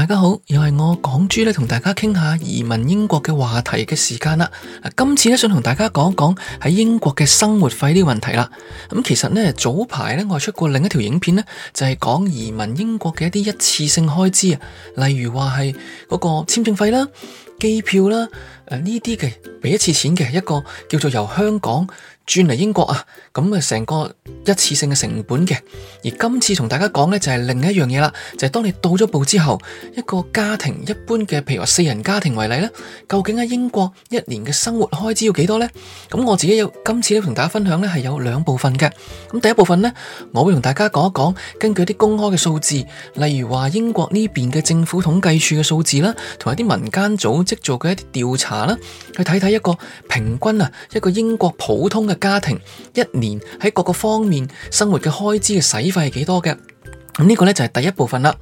大家好，又係我港珠咧，同大家傾下移民英國嘅話題嘅時間啦。今次咧想同大家講講喺英國嘅生活費呢個問題啦。咁其實呢，早排呢，我出過另一條影片呢，就係講移民英國嘅一啲一次性開支啊，例如話係嗰個簽證費啦、機票啦、誒呢啲嘅俾一次錢嘅一個叫做由香港轉嚟英國啊，咁啊成個一次性嘅成本嘅。而今次同大家講呢，就係另一樣嘢啦，就係當你到咗步之後，一個家庭一般嘅，譬如話四人家庭為例咧，究竟喺英國一年嘅生活開支要幾多呢？咁我自己有今次咧同大家分享呢係有兩部分嘅。咁第一部分呢，我會同大家講一講，根據啲公開嘅數字，例如話英國呢邊嘅政府統計處嘅數字啦，同一啲民間組織做嘅一啲調查啦，去睇睇一個平均啊，一個英國普通嘅。家庭一年喺各個方面生活嘅開支嘅使費係幾多嘅？咁呢個呢，就係第一部分啦。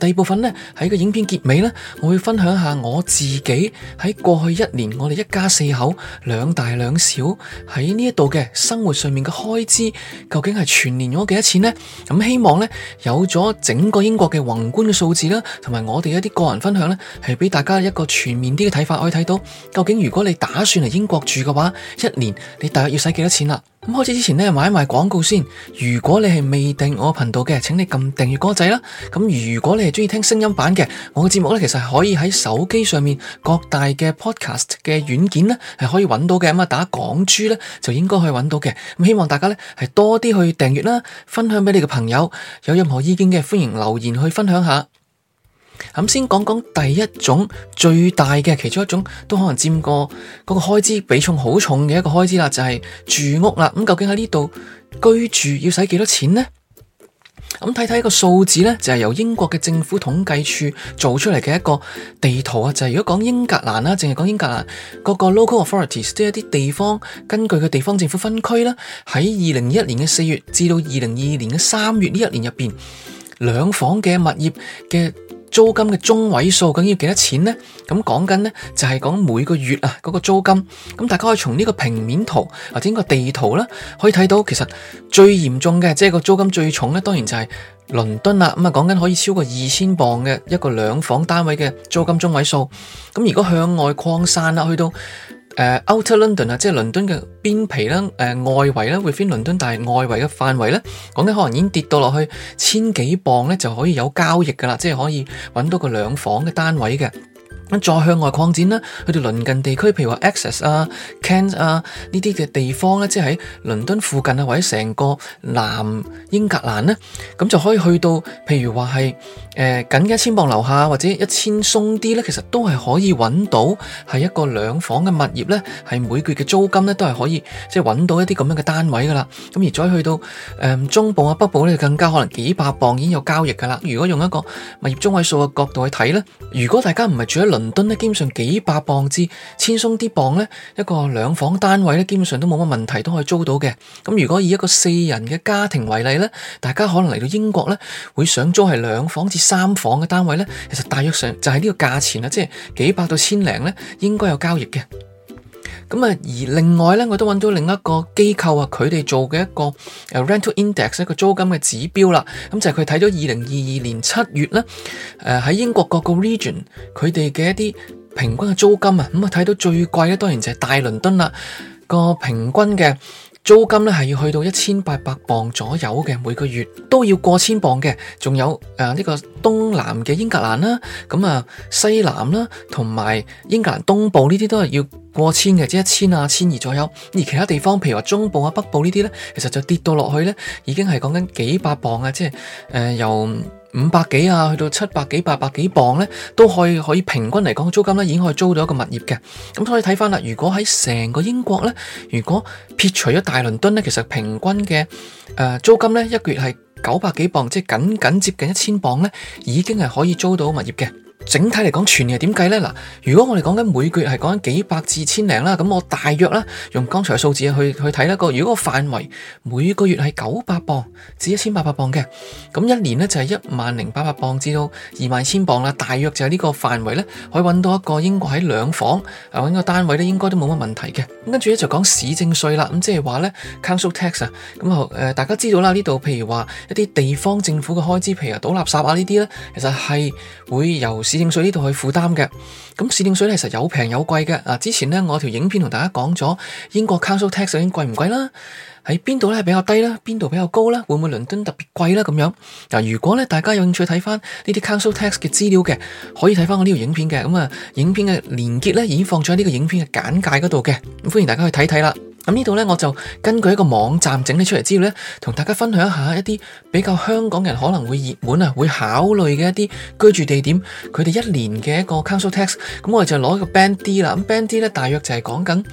第二部分呢，喺個影片結尾呢，我會分享下我自己喺過去一年我哋一家四口兩大兩小喺呢一度嘅生活上面嘅開支，究竟係全年用咗幾多錢呢？咁、嗯、希望呢，有咗整個英國嘅宏觀嘅數字啦，同埋我哋一啲個人分享呢，係俾大家一個全面啲嘅睇法，可以睇到究竟如果你打算嚟英國住嘅話，一年你大概要使幾多錢啦？咁開始之前咧，買埋廣告先。如果你係未訂我頻道嘅，請你撳訂閱歌仔啦。咁如果你係中意聽聲音版嘅，我嘅節目咧，其實可以喺手機上面各大嘅 podcast 嘅軟件咧係可以揾到嘅。咁啊，打港豬呢，就應該可以揾到嘅。咁希望大家呢係多啲去訂閱啦，分享俾你嘅朋友。有任何意見嘅，歡迎留言去分享下。咁先講講第一種最大嘅，其中一種都可能佔過嗰個開支比重好重嘅一個開支啦，就係、是、住屋啦。咁、嗯、究竟喺呢度居住要使幾多錢呢？咁睇睇個數字呢，就係、是、由英國嘅政府統計處做出嚟嘅一個地圖啊，就係、是、如果講英格蘭啦，淨係講英格蘭各個 local authorities 即係一啲地方，根據嘅地方政府分區啦，喺二零二一年嘅四月至到二零二二年嘅三月呢一年入邊，兩房嘅物業嘅。租金嘅中位數究竟要幾多錢呢？咁講緊呢就係講每個月啊嗰個租金，咁大家可以從呢個平面圖或者呢個地圖啦，可以睇到其實最嚴重嘅即係個租金最重呢，當然就係倫敦啦。咁啊講緊可以超過二千磅嘅一個兩房單位嘅租金中位數，咁如果向外擴散啦，去到。誒、uh, Outer London 啊，即係倫敦嘅邊皮啦，誒、呃、外圍啦，Within London，但係外圍嘅範圍咧，講緊可能已經跌到落去千幾磅咧，就可以有交易㗎啦，即係可以揾到個兩房嘅單位嘅。咁再向外擴展咧，去到鄰近地區，譬如話 Essex 啊、Kent 啊呢啲嘅地方咧，即係喺倫敦附近啊，或者成個南英格蘭咧，咁就可以去到譬如話係誒緊一千磅樓下，或者一千鬆啲咧，其實都係可以揾到係一個兩房嘅物業咧，係每個月嘅租金咧都係可以即係揾、就是、到一啲咁樣嘅單位噶啦。咁而再去到誒、呃、中部啊、北部咧，更加可能幾百磅已經有交易噶啦。如果用一個物業中位數嘅角度去睇咧，如果大家唔係住喺倫倫敦咧，基本上幾百磅至千鬆啲磅咧，一個兩房單位咧，基本上都冇乜問題，都可以租到嘅。咁如果以一個四人嘅家庭為例咧，大家可能嚟到英國咧，會上租會想租係兩房至三房嘅單位咧，其實大約上就係呢個價錢啦，即係幾百到千零咧，應該有交易嘅。咁啊，而另外咧，我都揾到另一個機構啊，佢哋做嘅一個誒 rental index 一個租金嘅指標啦。咁就係佢睇咗二零二二年七月咧，誒喺英國各個 region 佢哋嘅一啲平均嘅租金啊，咁啊睇到最貴咧，當然就係大倫敦啦，個平均嘅。租金咧，係要去到一千八百磅左右嘅，每個月都要過千磅嘅。仲有誒呢、呃這個東南嘅英格蘭啦，咁啊西南啦，同、啊、埋英格蘭東部呢啲都係要過千嘅，即係一千啊千二左右。而其他地方，譬如話中部啊北部呢啲咧，其實就跌到落去咧，已經係講緊幾百磅啊，即係誒、呃、由。五百幾啊，去到七百幾、八百幾磅咧，都可以可以，平均嚟講租金咧，已經可以租到一個物業嘅。咁所以睇翻啦，如果喺成個英國咧，如果撇除咗大倫敦咧，其實平均嘅誒、呃、租金咧，一個月係九百幾磅，即係僅僅接近一千磅咧，已經係可以租到物業嘅。整體嚟講，全年係點計咧？嗱，如果我哋講緊每個月係講緊幾百至千零啦，咁我大約啦，用剛才數字去去睇啦，個如果個範圍每個月係九百磅至一千八百磅嘅，咁一年咧就係一萬零八百磅至到二萬千磅啦，大約就係呢個範圍咧，可以揾到一個英國喺兩房啊揾個單位咧，應該都冇乜問題嘅。咁跟住咧就講市政稅啦，咁即係話咧 Council Tax 啊，咁誒，大家知道啦，呢度譬如話一啲地方政府嘅開支，譬如話倒垃圾啊呢啲咧，其實係會由市政水呢度去負擔嘅，咁市政水呢其實有平有貴嘅啊！之前呢，我條影片同大家講咗英國 Council Tax 究竟貴唔貴啦，喺邊度呢比較低啦，邊度比較高啦，會唔會倫敦特別貴啦咁樣嗱？如果呢，大家有興趣睇翻，呢啲 Council Tax 嘅資料嘅，可以睇翻我呢條影片嘅，咁啊影片嘅連結呢已經放咗喺呢個影片嘅簡介嗰度嘅，咁、啊、歡迎大家去睇睇啦。咁呢度呢，我就根據一個網站整理出嚟資料呢，同大家分享一下一啲比較香港人可能會熱門啊，會考慮嘅一啲居住地點，佢哋一年嘅一個 Council Tax。咁我哋就攞一個 Band D 啦。咁 Band D 呢，大約就係講緊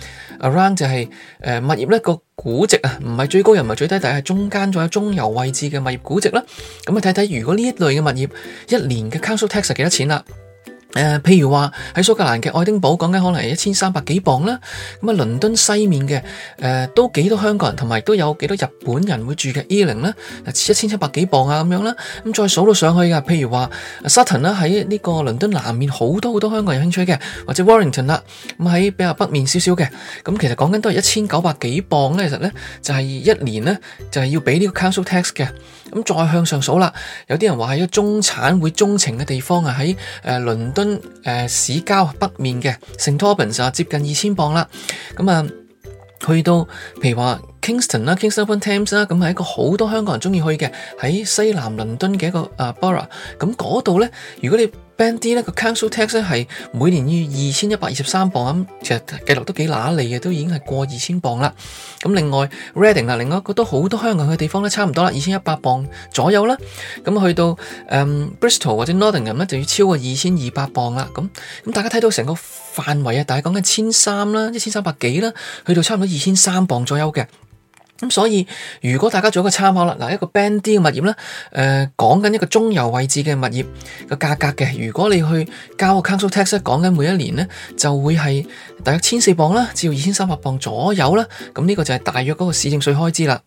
around 就係、是、誒、呃、物業呢個估值啊，唔係最高又唔係最低，但係係中間仲有中游位置嘅物業估值啦。咁啊睇睇如果呢一類嘅物業一年嘅 Council Tax 係幾多錢啦？誒、呃，譬如話喺蘇格蘭嘅愛丁堡講緊，可能係一千三百幾磅啦。咁啊，倫敦西面嘅誒、呃，都幾多香港人同埋都有幾多日本人會住嘅伊靈咧，一千七百幾磅啊咁樣啦。咁、嗯、再數到上去㗎，譬如話 Sutton 啦，喺呢個倫敦南面好多好多香港人興趣嘅，或者 Wallington 啦，咁、嗯、喺比較北面少少嘅。咁其實講緊都係一千九百幾磅咧。其實咧就係、是、一年咧就係、是、要俾呢個 Council Tax 嘅。咁、嗯、再向上數啦，有啲人話係一個中產會鍾情嘅地方啊，喺誒倫敦。呃呃呃誒市、嗯、郊北面嘅聖托賓就接近二千磅啦，咁、嗯、啊去到譬如話 Kingston 啦、Kingston upon Thames 啦，咁係一個好多香港人中意去嘅喺西南倫敦嘅一個啊 borough，咁嗰度咧如果你 Band D 咧個 Council Tax 咧係每年於二千一百二十三磅，咁其實記錄都幾揦脷嘅，都已經係過二千磅啦。咁另外 Reading 啊，ding, 另外一個都好多香港嘅地方咧，差唔多啦，二千一百磅左右啦。咁去到誒、嗯、Bristol 或者 Nottingham 咧，就要超過二千二百磅啦。咁咁大家睇到成個範圍啊，大概講緊千三啦，一千三百幾啦，去到差唔多二千三磅左右嘅。咁所以如果大家做一個參考啦，嗱，一個 band D 嘅物業咧，誒，講緊一個中游位置嘅物業嘅價格嘅，如果你去交個 Council Tax 咧，講緊每一年咧就會係大約千四磅啦，至到二千三百磅左右啦，咁呢個就係大約嗰個市政稅開支啦。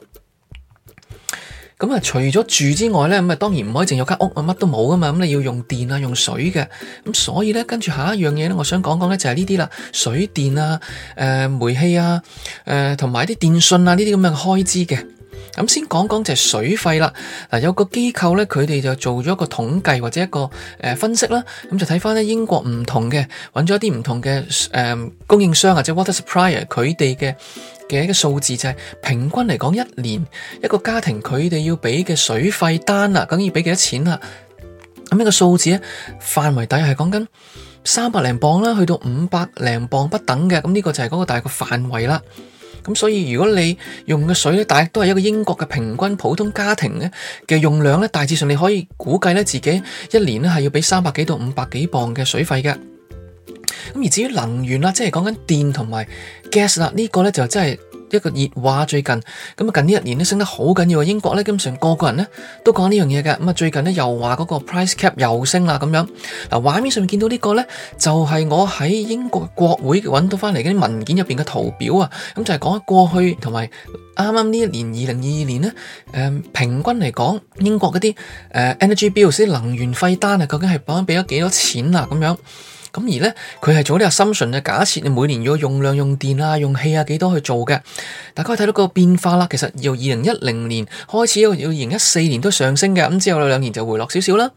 咁啊，除咗住之外咧，咁啊，當然唔可以淨有間屋啊，乜都冇噶嘛，咁你要用電啊，用水嘅，咁所以咧，跟住下一樣嘢咧，我想講講咧就係呢啲啦，水電啊，誒、呃，煤氣啊，誒、呃，同埋啲電信啊呢啲咁嘅開支嘅。咁先講講就係水費啦。嗱，有個機構咧，佢哋就做咗一個統計或者一個誒分析啦，咁就睇翻咧英國唔同嘅，揾咗一啲唔同嘅誒、呃、供應商或者 water supplier 佢哋嘅。嘅一個數字就係、是、平均嚟講，一年一個家庭佢哋要俾嘅水費單啦，究竟要俾幾多錢呀？咁、這、呢個數字咧，範圍大約係講緊三百零鎊啦，去到五百零鎊不等嘅。咁、這、呢個就係嗰個大個範圍啦。咁所以如果你用嘅水咧，大都係一個英國嘅平均普通家庭咧嘅用量咧，大致上你可以估計咧自己一年咧係要俾三百幾到五百幾鎊嘅水費嘅。咁而至於能源啦，即係講緊電同埋 gas 啦，呢個咧就真係一個熱話最近。咁啊近呢一年咧升得好緊要啊，英國咧基本上個個人咧都講呢樣嘢嘅。咁啊最近咧又話嗰個 price cap 又升啦咁樣。嗱，畫面上面見到呢、這個咧就係、是、我喺英國國會搵到翻嚟嗰啲文件入邊嘅圖表啊。咁就係講過去同埋啱啱呢一年二零二二年咧，誒、呃、平均嚟講，英國嗰啲誒 energy bills 啲能源費單啊，究竟係平均俾咗幾多錢啊？咁樣。咁而呢，佢係做啲啊，心純嘅假設，你每年要用量用電啊、用氣啊幾多去做嘅。大家可以睇到個變化啦，其實由二零一零年開始，要二零一四年都上升嘅，咁之後兩年就回落少少啦。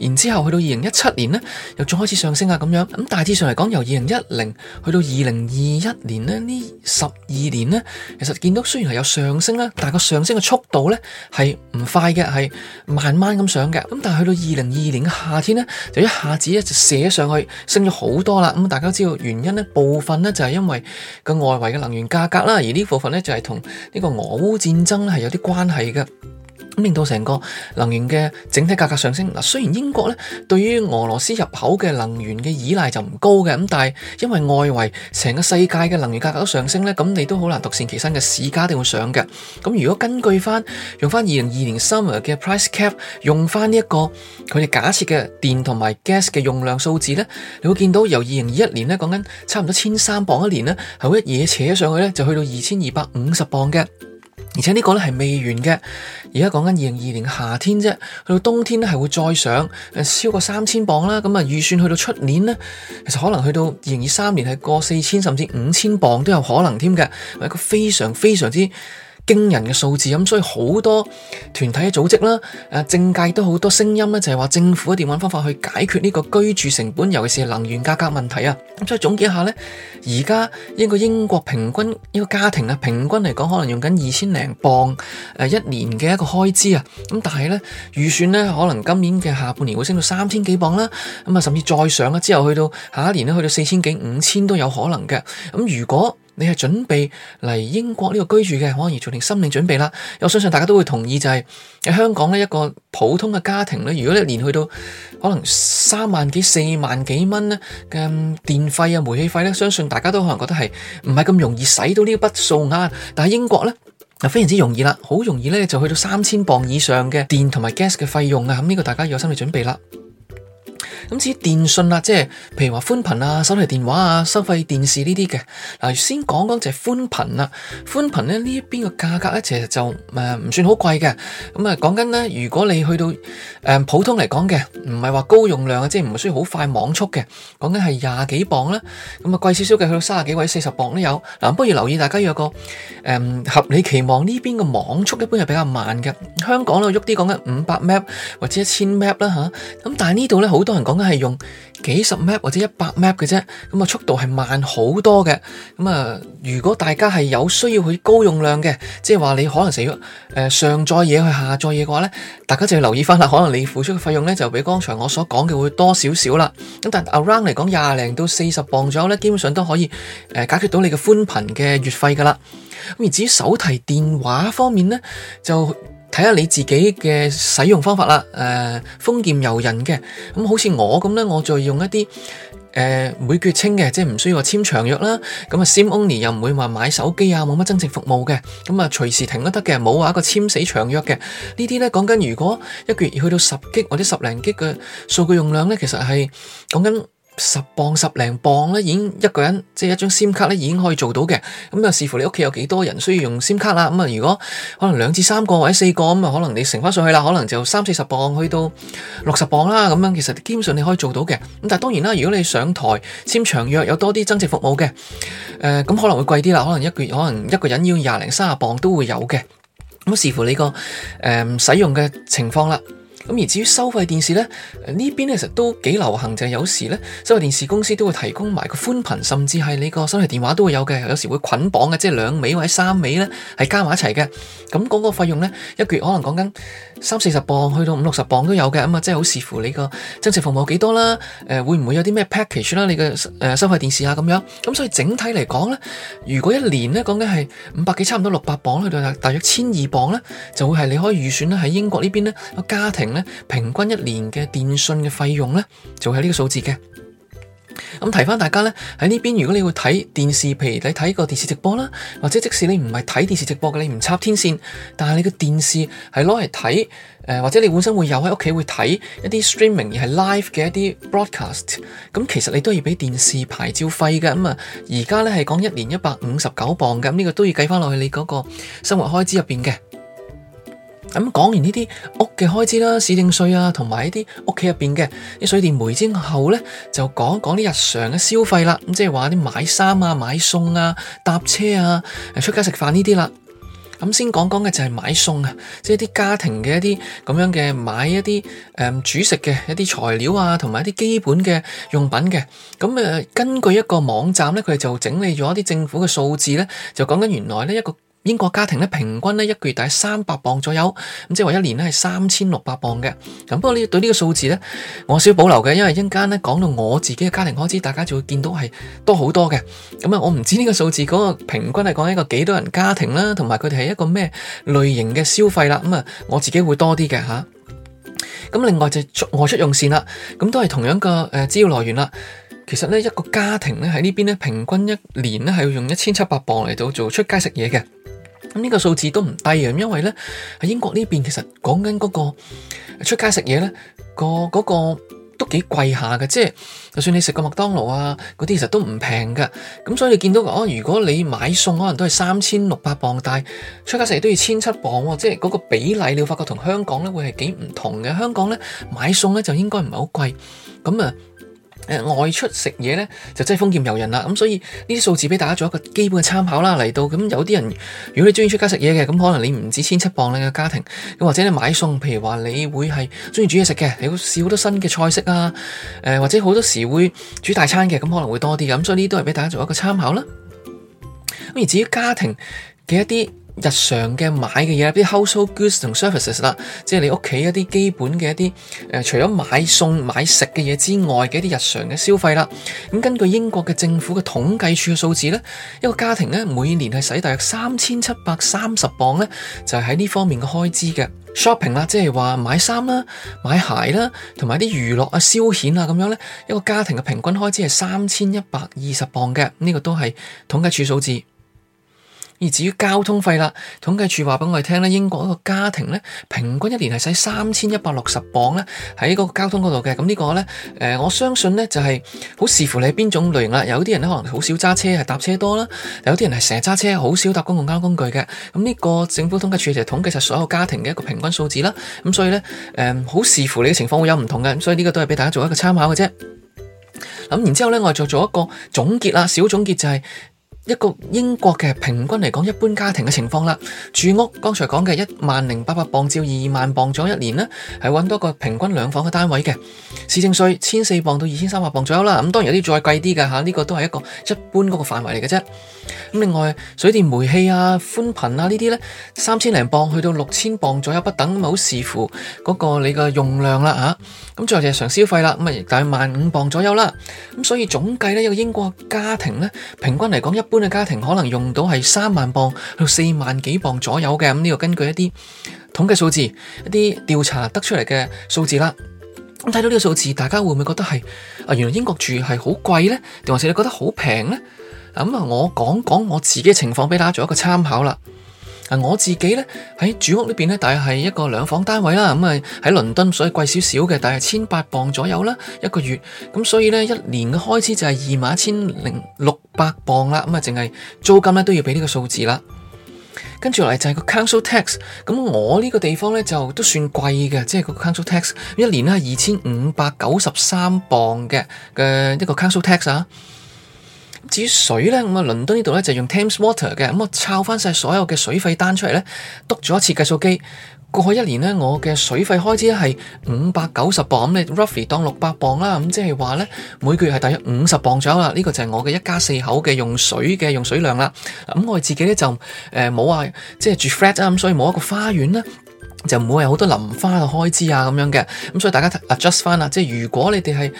然之後去到二零一七年呢，又再開始上升啊咁樣。咁大致上嚟講，由二零一零去到二零二一年呢，呢十二年呢，其實見到雖然係有上升啦，但係個上升嘅速度呢，係唔快嘅，係慢慢咁上嘅。咁但係去到二零二二年嘅夏天呢，就一下子呢，就射上去。好多啦，咁大家知道原因呢部分呢，部分呢，就係因為個外圍嘅能源價格啦，而呢部分呢，就係同呢個俄烏戰爭係有啲關係嘅。令到成個能源嘅整體價格上升。嗱，雖然英國咧對於俄羅斯入口嘅能源嘅依賴就唔高嘅，咁但係因為外圍成個世界嘅能源價格都上升咧，咁你都好難獨善其身嘅。市價一定會上嘅。咁如果根據翻用翻二零二二年 summer 嘅 price cap，用翻呢一個佢哋假設嘅電同埋 gas 嘅用量數字咧，你會見到由二零二一年咧講緊差唔多千三磅一年咧，係會一嘢扯上去咧就去到二千二百五十磅嘅。而且呢個咧係未完嘅，而家講緊二零二二年夏天啫，去到冬天咧係會再上，超過三千磅啦。咁啊預算去到出年呢，其實可能去到二零二三年係過四千甚至五千磅都有可能添嘅，係一個非常非常之驚人嘅數字咁，所以好多團體嘅組織啦，誒政界都好多聲音咧，就係話政府一定要揾方法去解決呢個居住成本，尤其是能源價格問題啊。咁所以總結一下咧，而家英個英國平均一個家庭啊，平均嚟講可能用緊二千零磅誒一年嘅一個開支啊，咁但係咧預算咧可能今年嘅下半年會升到三千幾磅啦，咁啊甚至再上啦之後去到下一年咧去到四千幾五千都有可能嘅。咁如果你係準備嚟英國呢個居住嘅，可能要做定心理準備啦。我相信大家都會同意就係、是、喺香港咧一個普通嘅家庭咧，如果咧一年去到可能三萬幾四萬幾蚊咧嘅電費啊、煤氣費呢，相信大家都可能覺得係唔係咁容易使到呢筆數啊，但係英國呢，啊非常之容易啦，好容易呢就去到三千鎊以上嘅電同埋 gas 嘅費用啊，咁、這、呢個大家要有心理準備啦。咁至於電信啦，即係譬如話寬頻啊、手提電話啊、收費電視呢啲嘅。嗱，先講講就係寬頻啦。寬頻咧呢一邊嘅價格咧，其實就誒唔算好貴嘅。咁啊，講緊咧，如果你去到誒普通嚟講嘅，唔係話高用量啊，即係唔需要好快網速嘅，講緊係廿幾磅啦。咁啊，貴少少嘅去到三啊幾或者四十磅都有。嗱，不如留意大家有個誒合理期望呢邊嘅網速，一般係比較慢嘅。香港咧喐啲講緊五百 Mbps 或者一千 Mbps 啦嚇。咁但係呢度咧好多人。講緊係用幾十 m a p 或者一百 m a p 嘅啫，咁啊速度係慢好多嘅。咁啊，如果大家係有需要去高用量嘅，即係話你可能成日誒上載嘢去下載嘢嘅話咧，大家就要留意翻啦。可能你付出嘅費用咧就比剛才我所講嘅會多少少啦。咁但 around 嚟講廿零到四十磅左右咧，基本上都可以誒解決到你嘅寬頻嘅月費噶啦。咁而至於手提電話方面咧就。睇下你自己嘅使用方法啦，誒、呃，豐儉由人嘅，咁、嗯、好似我咁咧，我就用一啲誒、呃、每月清嘅，即係唔需要話簽長約啦，咁啊 sim only 又唔會話買手機啊，冇乜增值服務嘅，咁啊隨時停都得嘅，冇話一個簽死長約嘅，呢啲咧講緊如果一個月去到十 G 或者十零 G 嘅數據用量咧，其實係講緊。十磅十零磅咧，已經一個人即係一張 SIM 卡咧，已經可以做到嘅。咁又視乎你屋企有幾多人需要用 SIM 卡啦。咁啊，如果可能兩至三個或者四個咁啊，就可能你乘翻上去啦，可能就三四十磅去到六十磅啦。咁樣其實基本上你可以做到嘅。咁但係當然啦，如果你上台簽長約有多啲增值服務嘅，誒、呃、咁可能會貴啲啦。可能一個月可能一個人要廿零卅磅都會有嘅。咁視乎你個誒、呃、使用嘅情況啦。咁而至於收費電視咧，呢邊咧其實都幾流行，就係有時咧收費電視公司都會提供埋個寬頻，甚至係你個收費電話都會有嘅。有時會捆綁嘅，即係兩尾或者三尾咧，係加埋一齊嘅。咁嗰個費用咧，一個月可能講緊三四十磅，去到五六十磅都有嘅。咁啊，即係好視乎你個增值服務有幾多啦。誒，會唔會有啲咩 package 啦？你嘅誒收費電視啊咁樣。咁所以整體嚟講咧，如果一年咧講緊係五百幾，差唔多六百磅去到大約千二磅咧，就會係你可以預算啦。喺英國呢邊咧個家庭。平均一年嘅電信嘅費用呢，就係、是、呢個數字嘅。咁提翻大家呢，喺呢邊，如果你會睇電視，譬如你睇個電視直播啦，或者即使你唔係睇電視直播嘅，你唔插天線，但係你個電視係攞嚟睇，誒、呃、或者你本身會有喺屋企會睇一啲 streaming 而係 live 嘅一啲 broadcast，咁其實你都要俾電視牌照費嘅。咁、嗯、啊，而家呢係講一年一百五十九磅嘅，咁、嗯、呢、這個都要計翻落去你嗰個生活開支入邊嘅。咁講完呢啲屋嘅開支啦、市政稅啊同埋一啲屋企入邊嘅啲水電煤之後咧，就講一講啲日常嘅消費啦。咁即係話啲買衫啊、買餸啊、搭車啊、出街食飯呢啲啦。咁先講講嘅就係買餸啊，即係啲家庭嘅一啲咁樣嘅買一啲誒、嗯、煮食嘅一啲材料啊，同埋一啲基本嘅用品嘅。咁、嗯、誒，根據一個網站咧，佢就整理咗一啲政府嘅數字咧，就講緊原來咧一個。英國家庭咧平均咧一個月大概三百磅左右，咁即係話一年咧係三千六百磅嘅。咁不過呢對呢個數字咧，我少保留嘅，因為一陣間咧講到我自己嘅家庭開支，大家就會見到係多好多嘅。咁、嗯、啊，我唔知呢個數字嗰、那個平均係講一個幾多人家庭啦，同埋佢哋係一個咩類型嘅消費啦。咁、嗯、啊，我自己會多啲嘅嚇。咁、啊、另外就外出用膳啦，咁、嗯、都係同樣個誒、呃、資料來源啦。其實咧一個家庭咧喺呢邊咧平均一年咧係要用一千七百磅嚟到做出街食嘢嘅。咁呢個數字都唔低啊，因為咧喺英國呢邊其實講緊嗰個出街食嘢咧，個嗰、嗰個都幾貴下嘅，即係就算你食個麥當勞啊嗰啲，其實都唔平噶。咁所以你見到哦，如果你買餸可能都係三千六百磅但係，出街食嘢都要千七磅喎、哦，即係嗰個比例你會發覺同香港咧會係幾唔同嘅。香港咧買餸咧就應該唔係好貴，咁啊。誒、呃、外出食嘢咧，就真係豐儉由人啦！咁、嗯、所以呢啲數字俾大家做一個基本嘅參考啦。嚟到咁有啲人，如果你鍾意出街食嘢嘅，咁可能你唔止千七磅你嘅家庭，或者你買餸，譬如話你會係鍾意煮嘢食嘅，你會試好多新嘅菜式啊！誒、呃、或者好多時會煮大餐嘅，咁可能會多啲咁、嗯，所以呢啲都係俾大家做一個參考啦。咁而至於家庭嘅一啲，日常嘅買嘅嘢，啲 household goods 同 services 啦，即係你屋企一啲基本嘅一啲誒、呃，除咗買餸買食嘅嘢之外嘅一啲日常嘅消費啦。咁根據英國嘅政府嘅統計處嘅數字咧，一個家庭咧每年係使大約三千七百三十磅咧，就係喺呢方面嘅開支嘅 shopping 啦，Shopping，即係話買衫啦、買鞋啦，同埋啲娛樂啊、消遣啊咁樣咧。一個家庭嘅平均開支係三千一百二十磅嘅，呢、呢個都係統計處數字。而至於交通費啦，統計處話俾我哋聽咧，英國一個家庭咧平均一年係使三千一百六十磅咧喺嗰個交通嗰度嘅。咁呢個咧，誒、呃、我相信咧就係、是、好視乎你係邊種類型啦。有啲人咧可能好少揸車，係搭車多啦；有啲人係成日揸車，好少搭公共交通工具嘅。咁呢個政府統計處就係統計晒所有家庭嘅一個平均數字啦。咁所以咧，誒、呃、好視乎你嘅情況會有唔同嘅。咁所以呢個都係俾大家做一個參考嘅啫。咁然之後咧，我哋就做一個總結啦，小總結就係、是。一個英國嘅平均嚟講，一般家庭嘅情況啦，住屋剛才講嘅一萬零八百磅至二萬磅左右一年呢係揾到一個平均兩房嘅單位嘅，市政稅千四磅到二千三百磅左右啦。咁當然有啲再貴啲嘅吓，呢、呢個都係一個一般嗰個範圍嚟嘅啫。咁另外水電煤氣啊、寬頻啊呢啲呢，三千零磅去到六千磅左右不等，好視乎嗰個你嘅用量啦吓。啊咁最後係日常消費啦，咁啊大約萬五磅左右啦，咁所以總計咧一個英國家庭咧，平均嚟講，一般嘅家庭可能用到係三萬磅去到四萬幾磅左右嘅，咁呢個根據一啲統計數字，一啲調查得出嚟嘅數字啦。咁睇到呢個數字，大家會唔會覺得係啊？原來英國住係好貴咧，定還是你覺得好平咧？咁啊，我講講我自己嘅情況俾大家做一個參考啦。我自己呢，喺主屋呢邊大約係一個兩房單位啦，咁啊喺倫敦，所以貴少少嘅，大約千八磅左右啦一個月，咁所以呢，一年嘅開支就係二萬一千零六百磅啦，咁啊淨係租金呢都要俾呢個數字啦，跟住落嚟就係個 Council Tax，咁我呢個地方呢，就都算貴嘅，即係個 Council Tax 一年呢，係二千五百九十三磅嘅嘅一個 Council Tax 啊。至於水呢，咁啊，倫敦呢度呢，就用 Thames Water 嘅，咁我抄翻晒所有嘅水費單出嚟呢，督咗一次計數機。過去一年呢，我嘅水費開支係五百九十磅，咁你 roughly 當六百磅啦，咁即係話呢，每個月係大約五十磅左右啦。呢個就係我嘅一家四口嘅用水嘅用水量啦。咁我自己呢，就誒冇話，即係住 flat 啊，咁所以冇一個花園啦。就唔會有好多淋花嘅開支，啊咁樣嘅，咁所以大家 adjust 翻啦。即係如果你哋係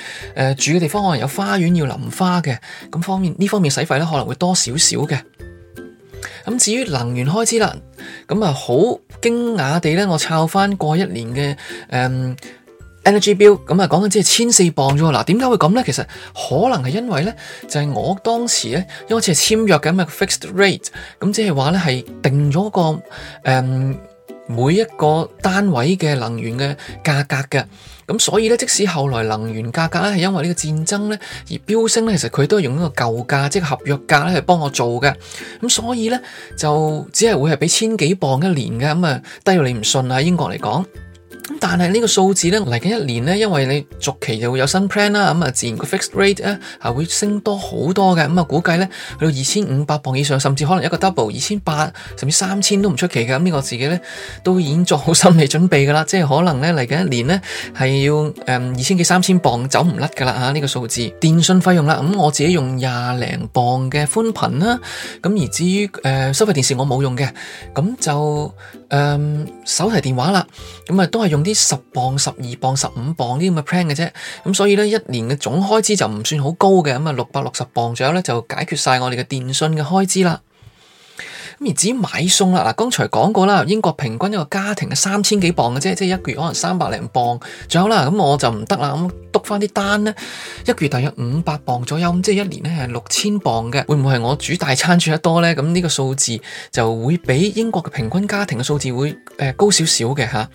誒住嘅地方，可能有花園要淋花嘅，咁方面呢方面使費咧可能會多少少嘅。咁至於能源開支啦，咁啊好驚訝地咧，我抄翻過一年嘅誒、嗯、energy bill，咁啊講緊即係千四磅啫喎。嗱，點解會咁咧？其實可能係因為咧，就係、是、我當時咧，因為我哋係簽約緊嘅咁 fixed rate，咁即係話咧係定咗個誒。嗯每一個單位嘅能源嘅價格嘅，咁所以咧，即使後來能源價格咧係因為呢個戰爭咧而飆升咧，其實佢都係用呢個舊價，即係合約價咧去幫我做嘅，咁所以咧就只係會係俾千幾磅一年嘅，咁啊，低到你唔信啊，英國嚟講。但係呢個數字咧，嚟緊一年咧，因為你續期就會有新 plan 啦，咁、嗯、啊自然個 fixed rate 咧，係會升多好多嘅，咁、嗯、啊估計咧去到二千五百磅以上，甚至可能一個 double 二千八，甚至三千都唔出奇嘅。咁、嗯、呢、這個自己咧都已經做好心理準備噶啦，即係可能咧嚟緊一年咧，係要誒二千幾三千磅走唔甩噶啦吓，呢、啊這個數字。電信費用啦，咁、嗯、我自己用廿零磅嘅寬頻啦，咁、嗯、而至於誒、呃、收費電視我冇用嘅，咁就誒、呃、手提電話啦，咁、嗯、啊都係。用啲十磅、十二磅、十五磅啲咁嘅 plan 嘅啫，咁所以咧一年嘅總開支就唔算好高嘅。咁啊，六百六十磅左右咧就解決晒我哋嘅電信嘅開支啦。咁而至於買餸啦，嗱，剛才講過啦，英國平均一個家庭係三千幾磅嘅啫，即係一個月可能三百零磅左右，仲有啦。咁我就唔得啦，咁督翻啲單咧，一個月大約五百磅左右，咁即係一年咧係六千磅嘅。會唔會係我煮大餐煮得多咧？咁呢個數字就會比英國嘅平均家庭嘅數字會誒高少少嘅吓。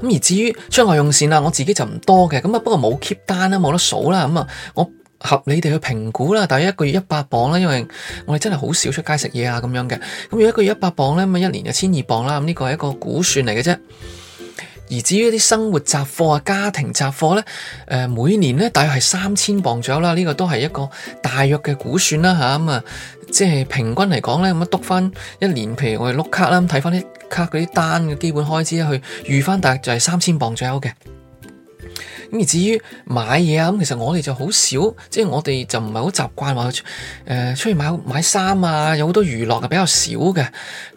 咁而至於出外用膳啦，我自己就唔多嘅，咁啊不過冇 keep 單啦，冇得數啦，咁啊我合理地去評估啦，大約一個月一百磅啦，因為我哋真係好少出街食嘢啊咁樣嘅，咁如果一個月一百磅咧，咁啊一年就千二磅啦，咁呢個係一個估算嚟嘅啫。而至於啲生活雜貨啊、家庭雜貨咧，誒每年咧大約係三千磅左右啦，呢、這個都係一個大約嘅估算啦吓，咁、嗯、啊即係平均嚟講咧，咁啊督翻一年，譬如我哋碌卡啦，咁睇翻啲。卡嗰啲單嘅基本開支去預翻，大約就係三千鎊左右嘅。咁而至於買嘢啊，咁其實我哋就好少，即係我哋就唔係好習慣話誒出，呃，出去買買衫啊，有好多娛樂嘅比較少嘅。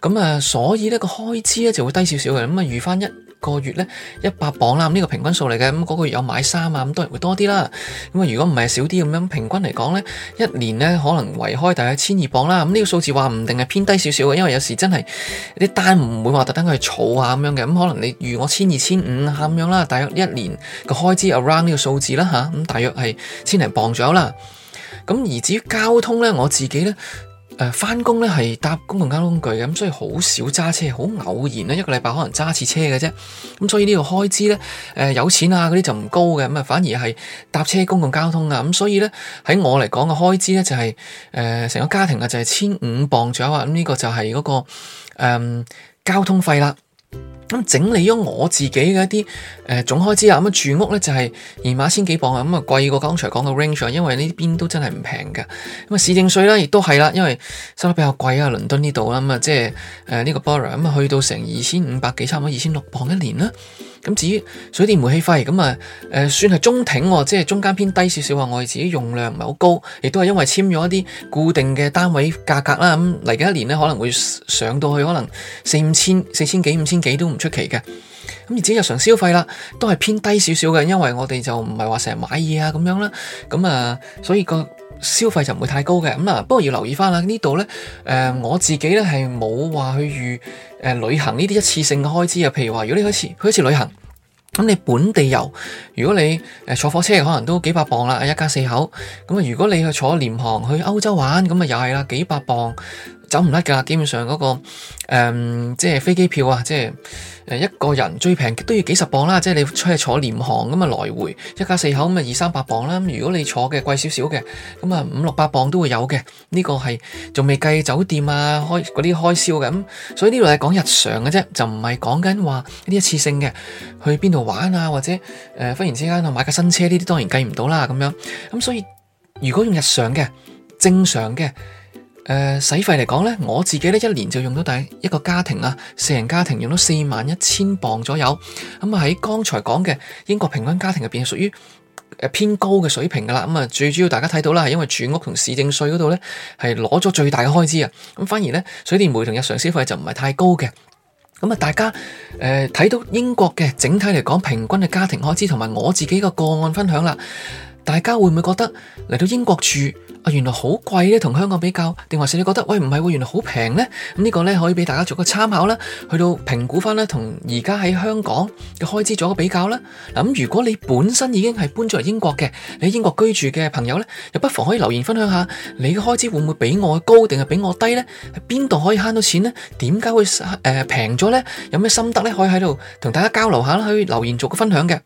咁啊，所以咧個開支咧就會低少少嘅。咁啊，預翻一個月呢，一百磅啦，呢、這個平均數嚟嘅，咁、那、嗰個月有買衫啊，咁當然會多啲啦。咁啊，如果唔係少啲咁樣，平均嚟講呢，一年呢可能圍開大約千二磅啦。咁、這、呢個數字話唔定係偏低少少嘅，因為有時真係啲單唔會話特登去儲啊咁樣嘅，咁可能你預我千二千五吓咁樣啦，大約一年個開支 around 呢個數字啦吓，咁大約係千零磅左右啦。咁而至於交通呢，我自己呢。誒返工咧係搭公共交通工具嘅，咁、嗯、所以好少揸車，好偶然啦，一個禮拜可能揸次車嘅啫。咁、嗯、所以呢個開支咧，誒、呃、油錢啊嗰啲就唔高嘅，咁啊反而係搭車公共交通啊。咁、嗯、所以咧喺我嚟講嘅開支咧就係誒成個家庭啊就係千五鎊左右啦。咁、嗯、呢、這個就係嗰、那個誒、嗯、交通費啦。咁整理咗我自己嘅一啲誒、呃、總開支啊，咁、嗯、啊住屋咧就係二萬千幾磅啊，咁啊貴過剛才講嘅 range 啊，因為呢邊都真係唔平嘅。咁、嗯、啊，市政稅咧亦都係啦，因為收得比較貴啊，倫敦呢度啦，咁、嗯、啊即係誒呢個 borough，咁、嗯、啊去到成二千五百幾，差唔多二千六磅一年啦。至於水電煤氣費，咁啊誒算係中挺喎，即係中間偏低少少啊。我哋自己用量唔係好高，亦都係因為簽咗一啲固定嘅單位價格啦。咁嚟緊一年咧，可能會上到去可能四五千、四千幾、五千幾都唔出奇嘅。咁而自己日常消費啦，都係偏低少少嘅，因為我哋就唔係話成日買嘢啊咁樣啦。咁啊，所以個消費就唔會太高嘅，咁啊，不過要留意翻啦。呢度呢，誒、呃、我自己咧係冇話去預誒、呃、旅行呢啲一次性嘅開支啊。譬如話，如果你去一次去一次旅行，咁你本地遊，如果你誒坐火車，可能都幾百磅啦，一家四口。咁啊，如果你去坐廉航去歐洲玩，咁啊又係啦，幾百磅。走唔甩噶，基本上嗰、那個誒、嗯，即係飛機票啊，即係誒，一個人最平都要幾十磅啦，即係你出去坐廉航咁啊，來回一家四口咁啊，二三百磅啦。如果你坐嘅貴少少嘅，咁啊五六百磅都會有嘅。呢、這個係仲未計酒店啊，開嗰啲開銷嘅咁。所以呢度係講日常嘅啫，就唔係講緊話呢啲一次性嘅去邊度玩啊，或者誒、呃、忽然之間啊買架新車呢啲，當然計唔到啦咁樣。咁所以如果用日常嘅正常嘅。誒、呃，使費嚟講咧，我自己咧，一年就用到大一個家庭啊，四人家庭用到四萬一千磅左右。咁啊喺剛才講嘅英國平均家庭入邊係屬於誒偏高嘅水平噶啦。咁、嗯、啊最主要大家睇到啦，係因為住屋同市政稅嗰度咧係攞咗最大嘅開支啊。咁、嗯、反而咧，水電煤同日常消費就唔係太高嘅。咁、嗯、啊大家誒睇、呃、到英國嘅整體嚟講平均嘅家庭開支同埋我自己個個案分享啦。大家會唔會覺得嚟到英國住啊，原來好貴咧，同香港比較，定還是你覺得喂唔係喎，原來好平咧？咁呢個咧可以俾大家做個參考啦，去到評估翻咧，同而家喺香港嘅開支做個比較啦。嗱咁，如果你本身已經係搬咗嚟英國嘅，你喺英國居住嘅朋友咧，又不妨可以留言分享下你嘅開支會唔會比我高定係比我低咧？喺邊度可以慳到錢咧？點解會誒平咗咧？有咩心得咧？可以喺度同大家交流下去留言做個分享嘅。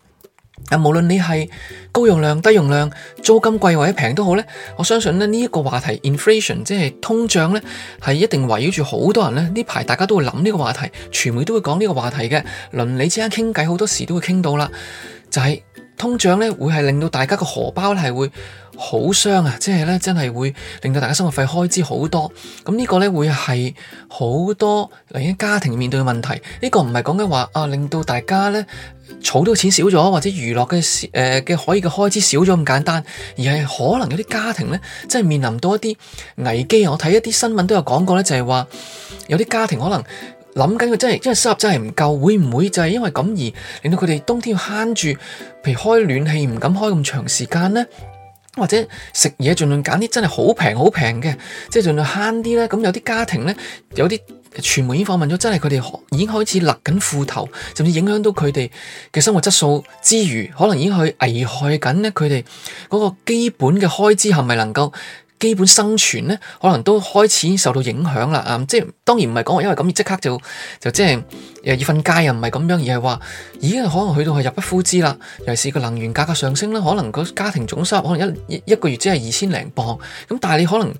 啊，無論你係高容量、低容量、租金貴或者平都好咧，我相信咧呢一個話題 inflation 即係通脹呢係一定圍繞住好多人咧呢排，大家都會諗呢個話題，傳媒都會講呢個話題嘅，鄰里之間傾偈好多時都會傾到啦，就係、是、通脹咧會係令到大家個荷包係會好傷啊，即係咧真係會令到大家生活費開支好多，咁呢個呢會係好多嚟緊家庭面對嘅問題，呢、這個唔係講緊話啊令到大家呢。儲到錢少咗，或者娛樂嘅誒嘅可以嘅開支少咗咁簡單，而係可能有啲家庭咧，真係面臨到一啲危機啊！我睇一啲新聞都有講過咧，就係話有啲家庭可能諗緊佢真係，因為收入真係唔夠，會唔會就係因為咁而令到佢哋冬天要慳住，譬如開暖氣唔敢開咁長時間咧，或者食嘢盡量揀啲真係好平好平嘅，即係盡量慳啲咧。咁有啲家庭咧，有啲。傳媒已經訪問咗，真係佢哋已經開始勒緊褲頭，甚至影響到佢哋嘅生活質素之餘，可能已經去危害緊咧佢哋嗰個基本嘅開支係咪能夠基本生存咧？可能都開始已經受到影響啦。啊、嗯，即係當然唔係講話因為咁即刻就就即係誒要瞓街又唔係咁樣，而係話已經可能去到係入不敷支啦。尤其是個能源價格上升啦，可能個家庭總收入可能一一,一個月只係二千零鎊咁，但係你可能誒。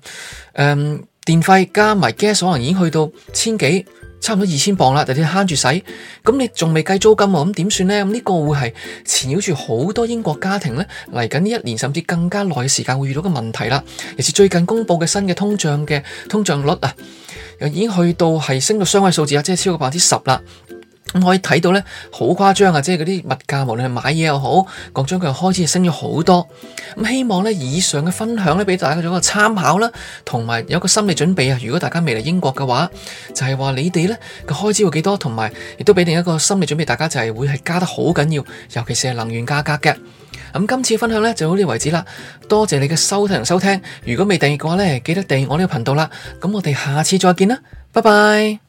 嗯電費加埋 gas，可能已經去到千幾，差唔多二千磅啦。就算慳住使，咁你仲未計租金啊？咁點算呢？咁呢個會係纏繞住好多英國家庭呢嚟緊呢一年甚至更加耐嘅時間會遇到嘅問題啦。尤其最近公布嘅新嘅通脹嘅通脹率啊，又已經去到係升到雙位數字啊，即係超過百分之十啦。可以睇到呢，好誇張啊！即係嗰啲物價，無論係買嘢又好，各種各樣開支升咗好多。咁希望呢，以上嘅分享呢，俾大家做一個參考啦，同埋有個心理準備啊！如果大家未嚟英國嘅話，就係話你哋呢嘅開支會幾多，同埋亦都俾你一個心理準備，大家就係會係加得好緊要，尤其是係能源價格嘅。咁今次分享呢，就到呢度為止啦，多謝你嘅收聽收聽。如果未訂閱嘅話呢，記得訂閱我呢個頻道啦。咁我哋下次再見啦，拜拜。